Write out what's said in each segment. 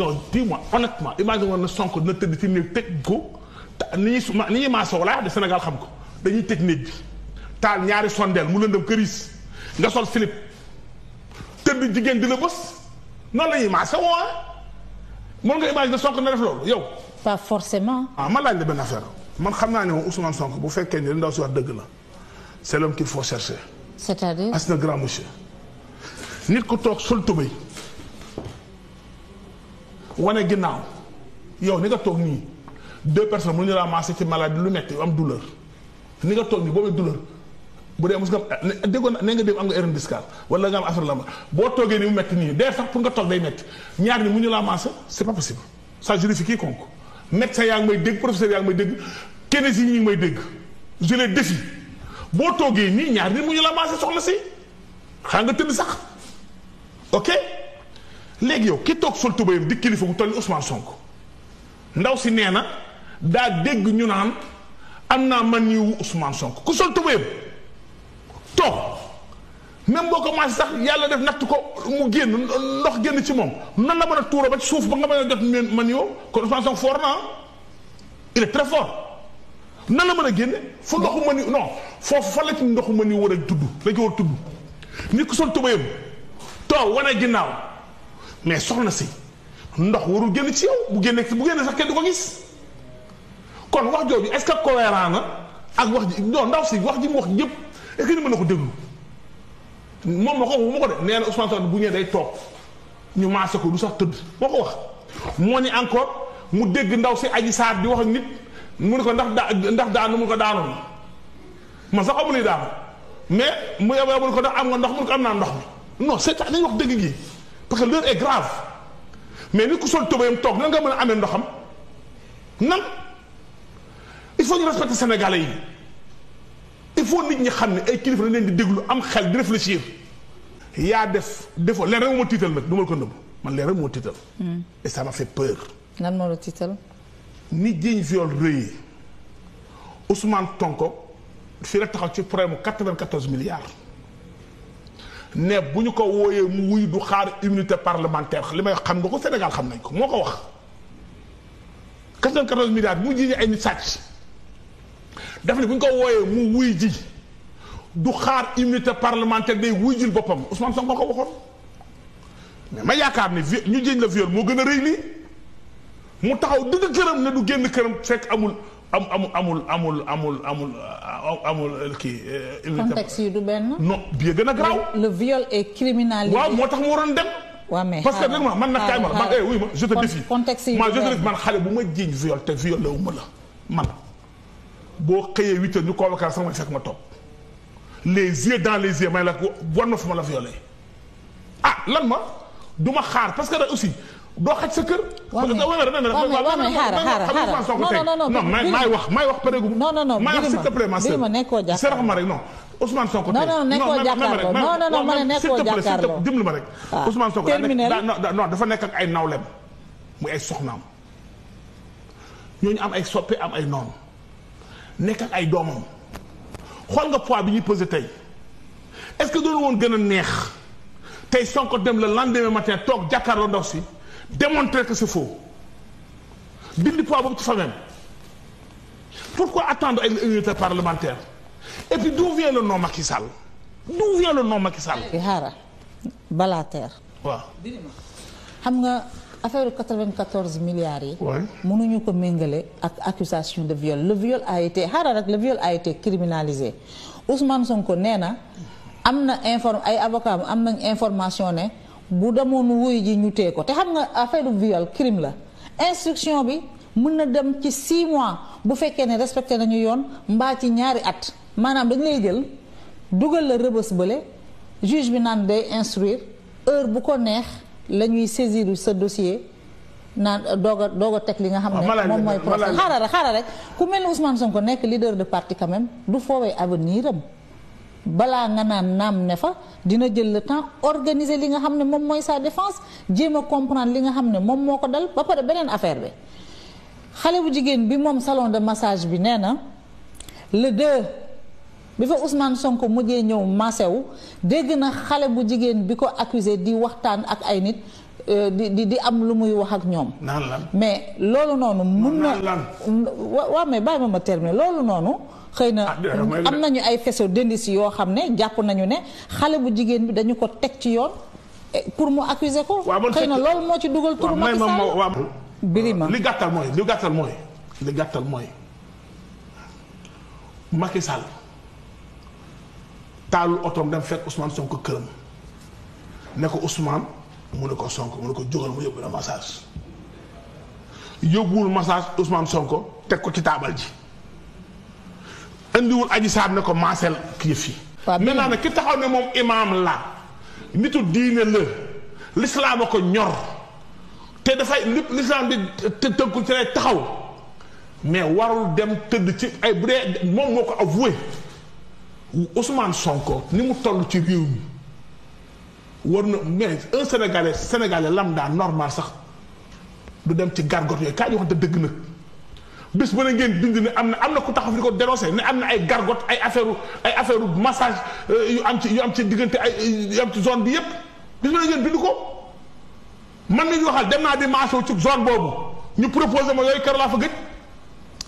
donc dis-moi honnêtement imagine na Sonko dina tëdd ci néeg tëj ko ni ñuy ni ñuy maasoo laa Sénégal xam ko dañuy tëj néeg bi taal ñaari sondeel mu lëndëm këris nga sol slip tëdd jigéen di la bës noonu la ñuy maasoo ah. mën nga imaginer Sonko na def loolu yow. pas forcément. Ah, man laaj la benn affaire man xam naa ne moom Ousmane Sonko bu fekkee ne ndaw si wax dëgg la c'est l'homme qu'il faut chercher. c'est-à-dire. as nit ku toog sol tubéy wane ginnaaw yow ni nga toog nii deux personnes mënuñu la amassé ci maladie lu metti yu am douleur ni nga toog nii boo amee bu dee mos nga déggoon ne nga dégg am nga hernie wala nga la ma boo toogee ni mu metti nii dee sax pour nga toog day metti ñaar ni mu ñu la amassé c'est pas possible ça justifie quiconque médecin yaa ngi may dégg professeur yaa ngi may dégg keneen si ñi may dégg je les boo toogee nii ñaar ni mu ñu la amassé soxla si xaa nga tëdd sax ok léegi yow ki toog sol tubayam di kilifa bu toll Ousmane sonk ndaw si nee na daa dégg ñu naan am naa man yu Ousmane Sonko ku sol tubayam toog même boo ko commencé sax yàlla def natt ko mu génn ndox génn ci moom nan la mën a tuura ba suuf ba nga mën a jot ma yoo kon Ousmane Sonko fort na ah. il est très la mën a génne fa ndoxu mën yu non foofu fa la ci ndoxu ma yu war a tudd la ci war a tudd nit ku sol tubayam toog wane ginnaaw mais soxna si ndox warul génn ci yow bu génne bu génne sax kenn du ko gis kon wax jooju est-ce que cohérent na ak wax ji non ndaw si wax ji mu wax yëpp est-ce mën na ko déglu moom ma ko wax ma ko de nee na Ousmane Sonko bu ñëwee day toog ñu maase ko du sax tëdd moo ko wax. moo ni encore mu dégg ndaw si aji saar di wax ak nit mu ko ndax daa ndax daanu mu ko daanoon man sax amu ni mais mu yaboo ko ndax am nga ndox mu ne ko am naa ndox mi non c'est dañuy wax dëgg gi. parce que l'heure est grave mais nit ku sol tëbayam toog nan nga mën a amee ndoxam nan il faut ñu respecter sénégalais yi il faut nit ñi xam ne ay kilifa dañ leen di déglu am xel di réfléchir yaa def defoo leen rek moo tiital nag du ma ko nëbb man leen rek moo tiital. Hmm. et ça m'a fait peur. lan moo la tiital. ni jiñ viol rëy Ousmane Sonko fii la taxaw ci problème mu 94 milliards. ne bu ñu ko wooyee mu wuy du xaar immunité parlementaire li may xam nga ko Sénégal xam nañ ko moo ko wax. 94 milliards mu jiiñee ay nit sàcc daf ne bu ñu ko wooyee mu wuy ji du xaar immunité parlementaire day wuy jil boppam Ousmane Sonko ko waxoon mais ma yaakaar ne ñu jiiñ la viol moo gën a rëy lii mu taxaw dëgg këram ne du génn këram fekk amul. am amul amul amul amul amul uh, amul uh, kii. Uh, contexte yi du benn. non bii gën a garaaw. le viol est criminalisé. waaw moo tax mu waroon dem. waaw parce que dégg nga man nag kaay ma la man eh, ma je te défie. contexte yi du xale bu ma jiiñ viol te violé wu ma la man boo xëyee huit heures ñu convoqué la sax ma fekk ma toog les yeux dans les yeux may la ko na fu ma la violé ah lan ma du ma xaar parce que da aussi. doo xaj sa kër. waaw mais waaw mais xaaral xaaral non wax maay wax pare gu. non non non birima nekkoo jàkkaarloo ma rek non. Ousmane Sonko non non nekkoo jàkkaarloo non non non ma ne nekkoo jàkkaarloo dimbali ma rek. Ah, Ousmane Sonko non dafa nekk ak ay nawlem muy ay soxnaam ñooñu am ay soppe am ay noonu nekk ak ay doomam xool nga poids bi ñu pesé tey est-ce que doon woon gën a neex tey Sonko dem le lendemain matin toog jàkkaarloo ndox si. démontrer que c'est faux dindi poids boobu ci famem pourquoi parlementaire et puis d'où vient le nom Macky Sall d'où vient le nom Macky Sall. xaaral balaa teer. waaw. nga affaire 94 milliards yi. ko méngale ak accusation de viol le viol a été rek le viol a été criminalisé Ousmane Sonko nee na am na inform ay avocats am nañ information ne. bu demoon wuy ji ñu tee ko te xam nga affaire viol crime la instruction bi mun na dem ci 6 mois bu fekkee ne respecté nañu yoon mbaa ci ñaari at maanaam dañ lay jël dugal la rëbës bële juge bi naan day instruire heure bu ko neex la ñuy saisir sa dossier naan doog a doog a teg li nga xam ne ah, moom mooy procès xaaral rek rek ku mel ni Ousmane ko nekk leader de parti quand même du foowee avenir am balaa nga naan naam ne fa dina jël le temps organiser li nga xam ne moom mooy sa défense jéem a comprendre li nga xam ne moom moo ko dal ba pare beneen affaire bi xale bu jigéen bi moom salon de massage bi nee na le 2 bi fa Ousmane sonk mujjee ñëw masewu dégg na xale bu jigéen bi ko accusé di waxtaan ak ay nit euh, di di di am lu muy wax ak ñoom. mais loolu noonu. mun na waaw mais bàyyi ma ma terminer loolu noonu. xëy na ah, am nañu ay faisceaux d'indices yoo xam ne jàpp nañu ne xale bu jigéen bi dañu ko teg ci yoon eh, pour mu accuser ko xëy na loolu moo ci dugal turu Macky Sall Birima li gàttal mooy li gàttal mooy li gàttal mooy Macky Sall taalul otoom dem fekk Ousmane Sonko këram ne ko Ousmane mu ne ko sonk mu ne ko jógal mu yóbbu la massage yóbbuwul massage Ousmane Sonko teg ko ci taabal ji andiwul aji saar ne ko maasel kii fii maintenant nag ki taxaw ne moom imaam la nitu diine la lislaam ko ñor te dafay lépp lislaam di tënkul ci lay taxaw mais warul dem tëdd ci ay bu dee moom moo ko avoué Ousmane Sonko ni mu toll ci réew mi war na mais un sénégalais sénégalais lambda normal sax du dem ci gargot yooyu kaa na waxante dëgg nag bés ba na ngeen bind ne am na am na ku taxaw fi ko dénoncé ne am na ay gargot ay affaire ay affaire massage euh, yu am ci diggante ay yu am ci zone bi yëpp bés ba na ngeen bind ko man mii ñu waxal dem naa di maaso ci zone boobu ñu proposé ma yooyu kër laa fa gëj.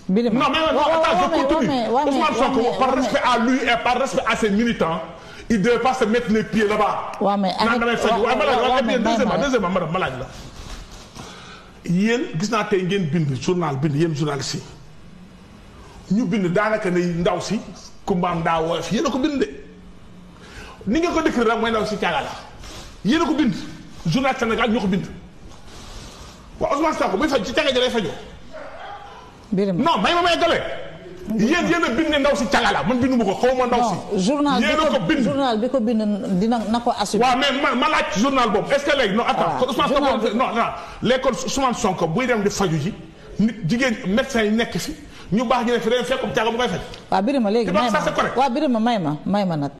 bi non mais non attends je par respect à lui et par respect à ses militants. il ne devait pas se mettre les pieds là-bas. waaw mais avec waaw waaw waaw deuxièmement deuxièmement madame ma laaj la. yéen gis naa tey ngeen bind journal bind yéen journaliste yi ñu bind daanaka ne ndaw si kumbaam daa woyof yéen a ko bind de ni nga ko décrire rek mooy ndaw si caaga yéen a ko bind journal Sénégal ñoo ko bind waaw Ousmane Sonko buy faj ci caaga ji fajoo non may ma may gale yéen yéen a bind ndaw si cagala man bindu ma ko xaw ma ndaw si. journal bi ko bind ko bind dina na ko assumer. waaw mais ma ma laaj journal boobu est ce que léegi non attends. journal bi buy dem di faju ji nit jigéen médecin yi nekk fi ñu baax ñu ne fi dañuy fekk mu caaga mu koy fekk. waaw Birima léegi may ma may ma may ma nag.